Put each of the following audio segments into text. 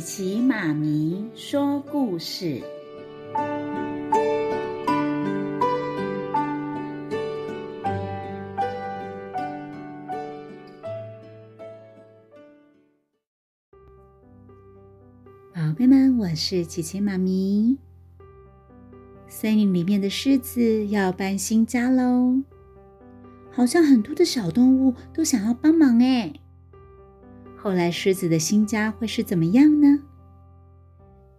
奇奇媽咪說故事，寶貝們，我是奇奇媽咪。森林裡面的獅子要搬新家嘍，好像很多的小動物都想要幫忙誒。後來獅子的新家會是怎麼樣呢？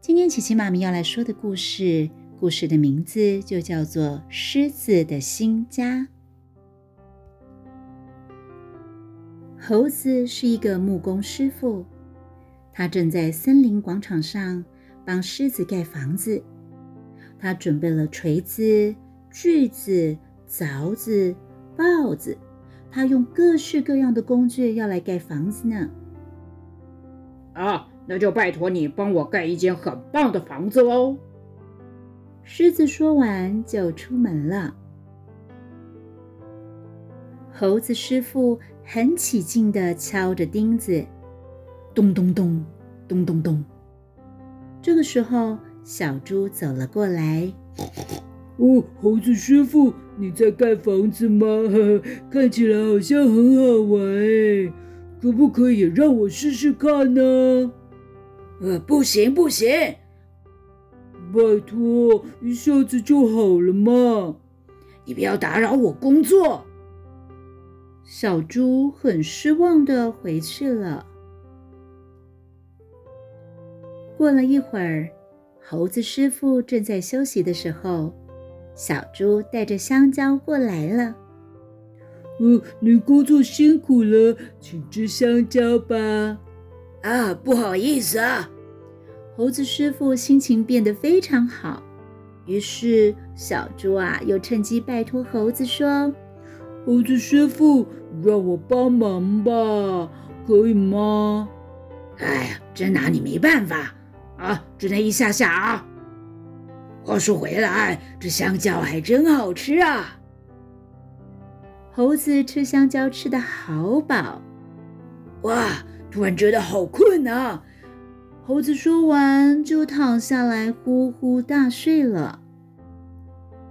今天琪琪媽媽要來說的故事，故事的名字就叫做《獅子的新家》。猴子是一個木工師傅，他正在森林廣場上幫獅子蓋房子。他準備了錘子、鋸子、鑿子、刨子，他用各式各樣的工具要來蓋房子呢。啊，那就拜託你幫我蓋一間很棒的房子嘍，哦！獅子說完就出門了。猴子師傅很起勁地敲着釘子，咚咚咚咚咚咚。這個時候，小豬走了過來：“哦，猴子師傅，你在蓋房子嗎？呵呵，看起來好像很好玩可不可以讓我試試看呢？呃，不行不行！拜託，一下子就好了嘛！你不要打擾我工作。小豬很失望地回去了。過了一會兒，猴子師傅正在休息的時候，小豬帶着香蕉過來了。呃，你工作辛苦了，請吃香蕉吧。啊，不好意思啊，猴子師傅心情變得非常好。於是小豬啊，又趁機拜託猴子說：“猴子師傅，讓我幫忙吧，可以嗎？”哎呀，真拿你沒辦法啊，只能一下下啊。話說回來，這香蕉還真好吃啊。猴子吃香蕉吃得好飽，哇！突然覺得好困啊！猴子說完就躺下來呼呼大睡了。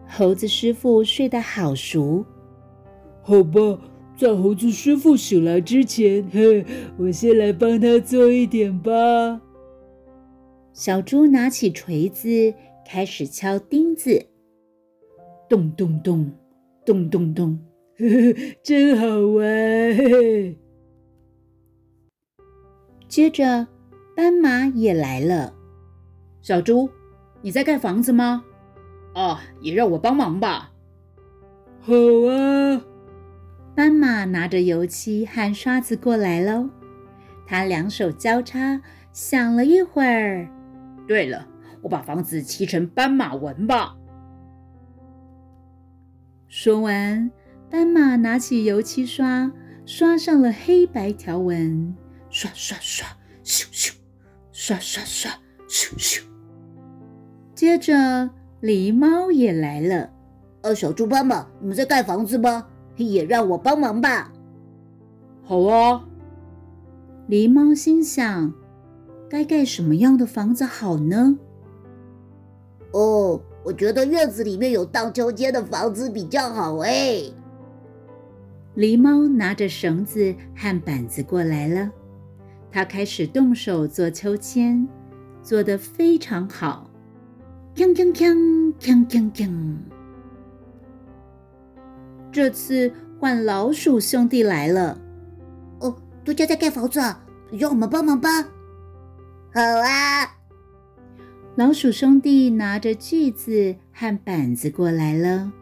猴子師傅睡得好熟。好吧，在猴子師傅醒來之前，嘿，我先來幫他做一點吧。小豬拿起錘子開始敲釘子，咚咚咚，咚咚咚。真好玩！接着，斑馬也來了。小豬，你在蓋房子嗎？啊，也讓我幫忙吧。好啊！斑馬拿着油漆和刷子過來嘍。他兩手交叉，想了一會兒。對了，我把房子漆成斑馬紋吧。說完。斑馬拿起油漆刷，刷上了黑白條紋，刷刷刷，咻咻，刷刷刷，咻咻。接着，狸貓也來了，哦、啊，小豬斑馬，你們在蓋房子嗎？也讓我幫忙吧。好啊。狸貓心想：該蓋什麼樣的房子好呢？哦，我覺得院子裡面有盪秋千的房子比較好哎。狸貓拿着繩子和板子過來了，它開始動手做秋千，做得非常好。鏘鏘鏘鏘鏘鏘！鏘鏘鏘。這次換老鼠兄弟來了。哦，大家在蓋房子啊，要我們幫忙吧？好啊！老鼠兄弟拿着鋸子和板子過來了，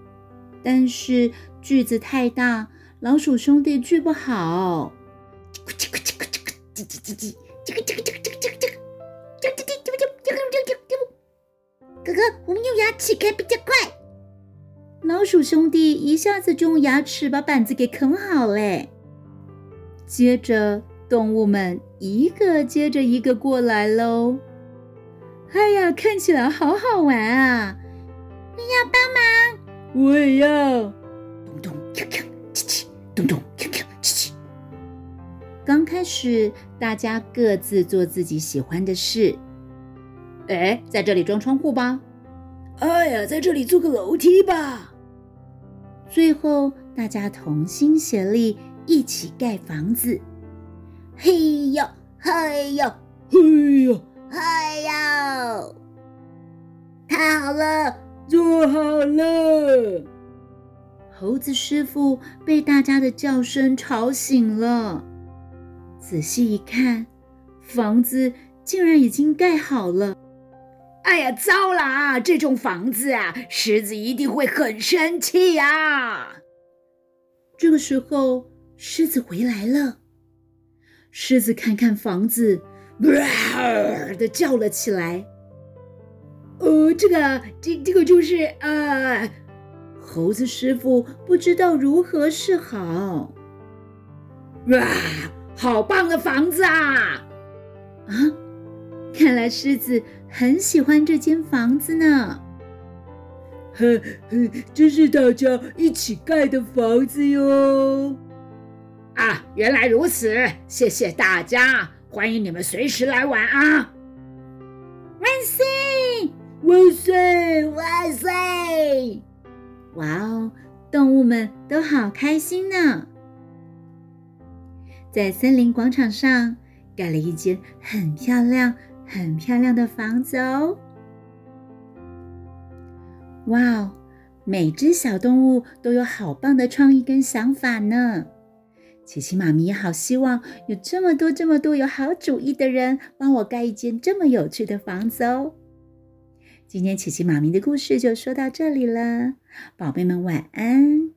但是鋸子太大。老鼠兄弟鋸不好，嘰咕嘰咕嘰咕嘰咕，嘰嘰嘰嘰，嘰個嘰個嘰個嘰個嘰個，嘰嘰嘰嘰嘰嘰嘰個嘰嘰嘰。哥哥，我們用牙齒開比較快。老鼠兄弟一下子就用牙齒把板子給啃好嘞。接着，動物們一個接着一個過來嘍。哎呀，看起來好好玩啊！你要幫忙？我也要。咚咚鏘，剛開始，大家各自做自己喜歡的事。哎，在這裡裝窗戶吧？哎呀，在這裡做個樓梯吧。最後，大家同心協力，一起蓋房子。嘿呦，嘿呦，嘿呦喲，嘿呦喲！太好了，做好了。猴子師傅被大家的叫聲吵醒了，仔細一看，房子竟然已經蓋好了。哎呀，糟了啊！這種房子啊，獅子一定會很生氣啊。這個時候，獅子回來了。獅子看看房子，的、呃呃、叫了起來：“哦、呃，這個，這，這個就是啊。呃”猴子師傅不知道如何是好。哇，啊，好棒的房子啊！啊，看來獅子很喜歡這間房子呢。哼哼，這是大家一起蓋的房子喲。啊，原來如此，謝謝大家，歡迎你們隨時來玩啊！萬歲西！萬歲！萬歲！哇哦！Wow, 動物們都好開心呢，在森林廣場上蓋了一間很漂亮、很漂亮的房子哦。哇哦！每只小動物都有好棒的創意跟想法呢。琪琪媽咪也好希望有這麼多、這麼多有好主意的人幫我蓋一間這麼有趣的房子哦。今天琪琪媽咪的故事就說到這裡了，寶貝們晚安。